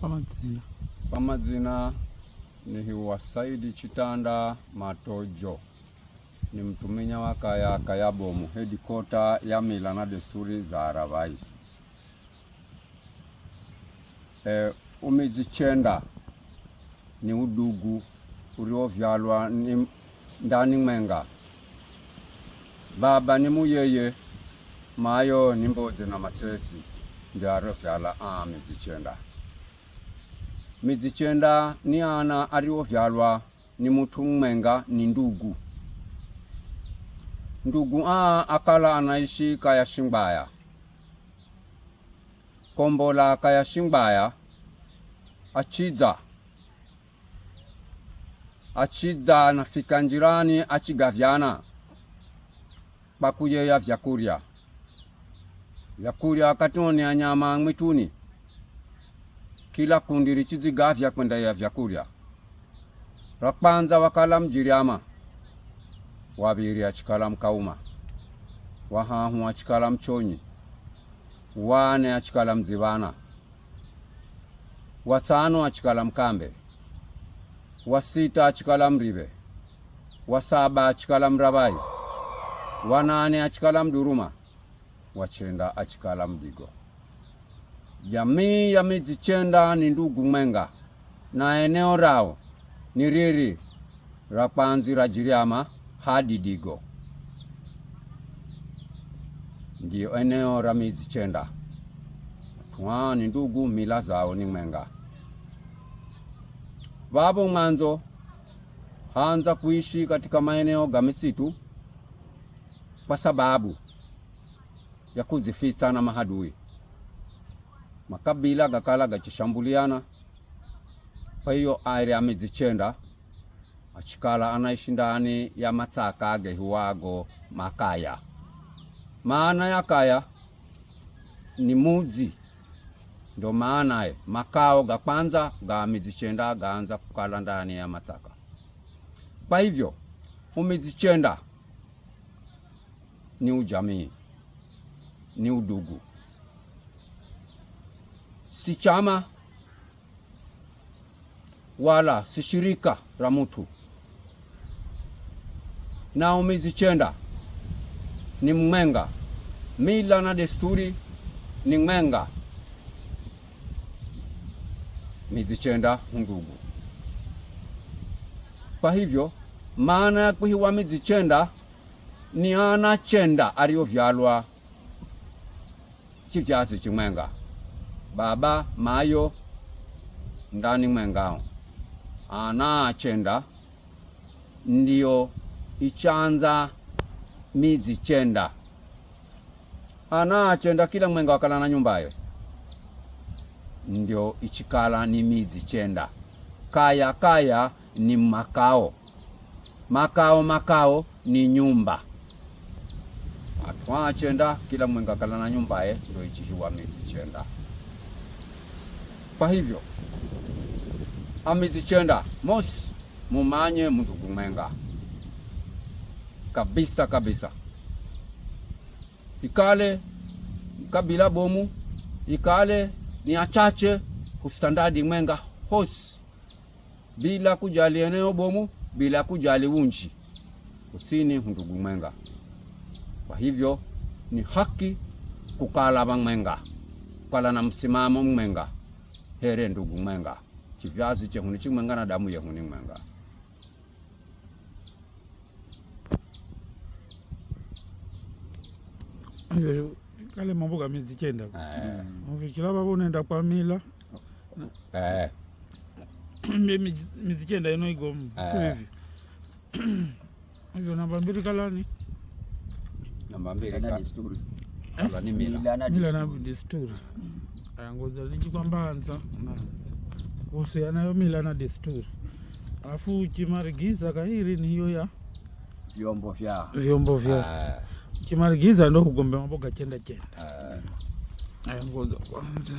Pamazina pamazina nihiwa Saidi Chitanda Matojo ni mtuminya wa kaya kayabomu hedikota ya mila na desturi za Arabai. E, umizi chenda ni udugu uliovyalwa ni ndani mwenga baba ni muyeye mayo ni mbozi na machesi ndyarofyala amizi ah, chenda midzi chenda ni ana ariovyalwa ni muthu mmwenga ni ndugu ndugu aa akala anaishi kaya Shingbaya. Kombo kaya Shingbaya achidza achidza nafika njirani achigavyana bakuyeya vyakurya vyakurya akationi nyama mwituni kila kundi lichizigavya kwenda ya vyakulya ra kwanza wakala mjilyama wavili achikala mkauma wahahu achikala mchonyi wane achikala mzivana watano achikala mkambe wasita achikala mrive wasaba achikala mravai wanane achikala mduruma wachenda achikala mdigo Jamii ya Midzichenda ni ndugu Mwenga na eneo rao ni riri ra kwanzi ra Jiriama hadi Digo, ndiyo eneo ra Midzichenda. Wao ni ndugu, mila zao ni Mwenga. Babu mwanzo haanza kuishi katika maeneo ga misitu kwa sababu ya kuzifisa na mahadui makabila gakala gachishambuliana kwa hiyo aire amezichenda achikala anaishi ndani ya matsaka gehiwago makaya maana ya kaya ni muzi ndo maanaye makao ga kwanza ga mizichenda gaanza kukala ndani ya matsaka kwa hivyo umizichenda ni ujamii ni udugu si chama wala si shirika la mtu. Naomi Zichenda ni Mng'enga, mila na desturi ni mwenga Mizichenda ndugu. Kwa hivyo maana ya kuhiwa mizichenda ni ana chenda aliyovyalwa kivyazi chimwenga baba mayo ndani mwengao ana chenda ichanza mizi chenda ana chenda kila mwenga wakala na nyumbayo ndio ichikala ni mizi chenda kaya kaya ni makao makao makao ni nyumba atwa chenda kila mwenga wakala na nyumbaye ndio ichihiwa mizi chenda kwa hivyo amizichenda mosi mumanye mzugumenga kabisa kabisa, ikale kabila bomu ikale ni achache kustandadi mwenga hosi bila kujali eneo bomu bila kujali unji kusini hundugu mwenga. Kwa hivyo ni haki kukala mwenga kukala na msimamo mwenga here ndugu mwenga chivyazi chehuni chimwenga na damu yehuni mwenga kale mambo kamizi chenda eh. mvikilava unaenda kwa mila eh. mimi chenda ino igomu eh. sivivi hivyo namba mbili kalani namba mbili Eh? Ni mila na desturi. Mm. Ngoja liji kwambanza kuhusiana yo mila na desturi, alafu chimarigiza kahiri ni hiyo ya vyombo vya vyombo vya chimarigiza eh. ndo kugombea maboga chenda chenda. Eh. ayangoza kwanza